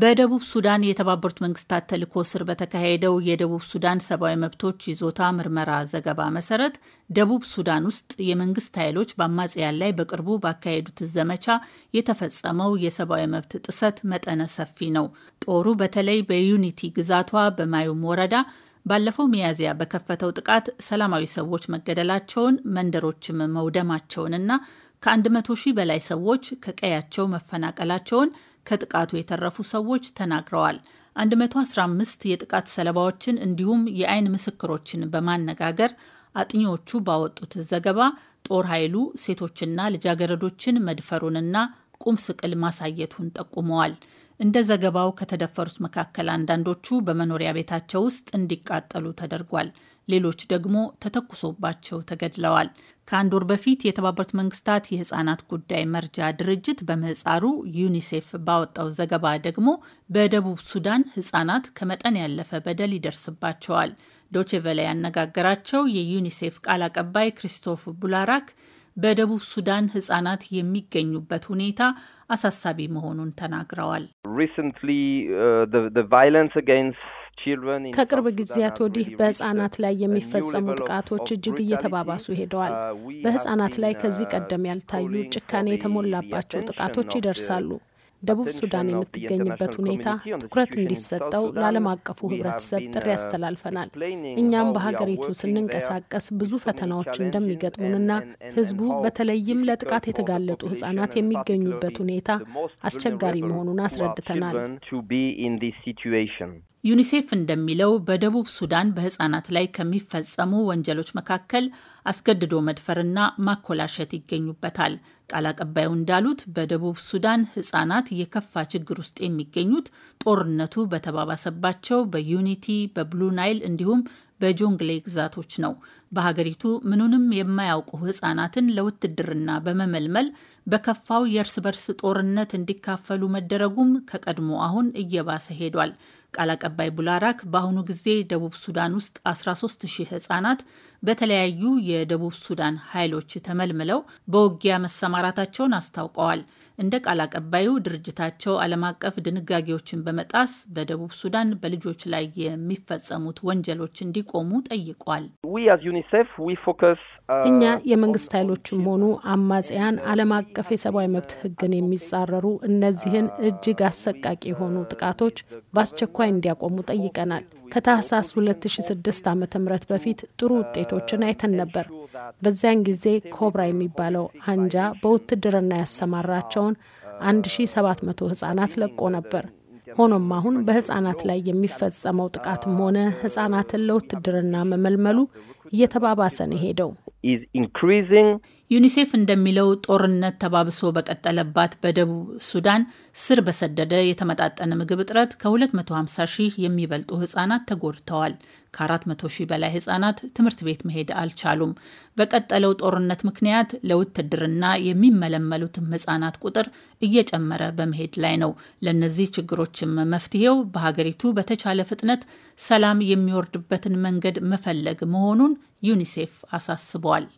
በደቡብ ሱዳን የተባበሩት መንግስታት ተልኮ ስር በተካሄደው የደቡብ ሱዳን ሰብአዊ መብቶች ይዞታ ምርመራ ዘገባ መሰረት ደቡብ ሱዳን ውስጥ የመንግስት ኃይሎች በአማጽያን ላይ በቅርቡ ባካሄዱት ዘመቻ የተፈጸመው የሰብአዊ መብት ጥሰት መጠነ ሰፊ ነው። ጦሩ በተለይ በዩኒቲ ግዛቷ በማዩም ወረዳ ባለፈው ሚያዝያ በከፈተው ጥቃት ሰላማዊ ሰዎች መገደላቸውን መንደሮችም መውደማቸውንና ከ100 ሺህ በላይ ሰዎች ከቀያቸው መፈናቀላቸውን ከጥቃቱ የተረፉ ሰዎች ተናግረዋል። 115 የጥቃት ሰለባዎችን እንዲሁም የአይን ምስክሮችን በማነጋገር አጥኚዎቹ ባወጡት ዘገባ ጦር ኃይሉ ሴቶችና ልጃገረዶችን መድፈሩንና ቁም ስቅል ማሳየቱን ጠቁመዋል። እንደ ዘገባው ከተደፈሩት መካከል አንዳንዶቹ በመኖሪያ ቤታቸው ውስጥ እንዲቃጠሉ ተደርጓል። ሌሎች ደግሞ ተተኩሶባቸው ተገድለዋል። ከአንድ ወር በፊት የተባበሩት መንግስታት የህፃናት ጉዳይ መርጃ ድርጅት በምህፃሩ ዩኒሴፍ ባወጣው ዘገባ ደግሞ በደቡብ ሱዳን ህፃናት ከመጠን ያለፈ በደል ይደርስባቸዋል። ዶቼቬለ ያነጋገራቸው የዩኒሴፍ ቃል አቀባይ ክሪስቶፍ ቡላራክ በደቡብ ሱዳን ህጻናት የሚገኙበት ሁኔታ አሳሳቢ መሆኑን ተናግረዋል። Uh, ከቅርብ ጊዜያት ወዲህ በህጻናት ላይ የሚፈጸሙ ጥቃቶች እጅግ እየተባባሱ uh, ሄደዋል። በህጻናት ላይ ከዚህ uh, ቀደም ያልታዩ ጭካኔ የተሞላባቸው ጥቃቶች ይደርሳሉ። ደቡብ ሱዳን የምትገኝበት ሁኔታ ትኩረት እንዲሰጠው ለዓለም አቀፉ ህብረተሰብ ጥሪ uh, ያስተላልፈናል። እኛም በሀገሪቱ ስንንቀሳቀስ uh, ብዙ ፈተናዎች እንደሚገጥሙንና ህዝቡ በተለይም ለጥቃት የተጋለጡ ህጻናት የሚገኙበት ሁኔታ አስቸጋሪ መሆኑን አስረድተናል። ዩኒሴፍ እንደሚለው በደቡብ ሱዳን በህጻናት ላይ ከሚፈጸሙ ወንጀሎች መካከል አስገድዶ መድፈርና ማኮላሸት ይገኙበታል። ቃል አቀባዩ እንዳሉት በደቡብ ሱዳን ህጻናት የከፋ ችግር ውስጥ የሚገኙት ጦርነቱ በተባባሰባቸው በዩኒቲ፣ በብሉ ናይል እንዲሁም በጆንግሌ ግዛቶች ነው። በሀገሪቱ ምኑንም የማያውቁ ህጻናትን ለውትድርና በመመልመል በከፋው የእርስ በርስ ጦርነት እንዲካፈሉ መደረጉም ከቀድሞ አሁን እየባሰ ሄዷል። ቃል አቀባይ ቡላራክ በአሁኑ ጊዜ ደቡብ ሱዳን ውስጥ 13 ሺህ ህጻናት በተለያዩ የደቡብ ሱዳን ኃይሎች ተመልምለው በውጊያ መሰማራታቸውን አስታውቀዋል። እንደ ቃል አቀባዩ ድርጅታቸው ዓለም አቀፍ ድንጋጌዎችን በመጣስ በደቡብ ሱዳን በልጆች ላይ የሚፈጸሙት ወንጀሎች እንዲቆሙ ጠይቋል። Uh, እኛ የመንግስት ኃይሎችም ሆኑ አማጽያን ዓለም አቀፍ የሰብአዊ መብት ሕግን የሚጻረሩ እነዚህን እጅግ አሰቃቂ የሆኑ ጥቃቶች በአስቸኳይ እንዲያቆሙ ጠይቀናል። ከታህሳስ 2006 ዓ ም በፊት ጥሩ ውጤቶችን አይተን ነበር። በዚያን ጊዜ ኮብራ የሚባለው አንጃ በውትድርና ያሰማራቸውን 1700 ህጻናት ለቆ ነበር። ሆኖም አሁን በህጻናት ላይ የሚፈጸመው ጥቃትም ሆነ ህጻናትን ለውትድርና መመልመሉ እየተባባሰ ነው ሄደው። ዩኒሴፍ እንደሚለው ጦርነት ተባብሶ በቀጠለባት በደቡብ ሱዳን ስር በሰደደ የተመጣጠነ ምግብ እጥረት ከ250 ሺህ የሚበልጡ ህጻናት ተጎድተዋል። ከ መቶ ሺህ በላይ ህጻናት ትምህርት ቤት መሄድ አልቻሉም። በቀጠለው ጦርነት ምክንያት ለውትድርና የሚመለመሉትም ህጻናት ቁጥር እየጨመረ በመሄድ ላይ ነው። ለእነዚህ ችግሮችም መፍትሄው በሀገሪቱ በተቻለ ፍጥነት ሰላም የሚወርድበትን መንገድ መፈለግ መሆኑን ዩኒሴፍ አሳስበዋል።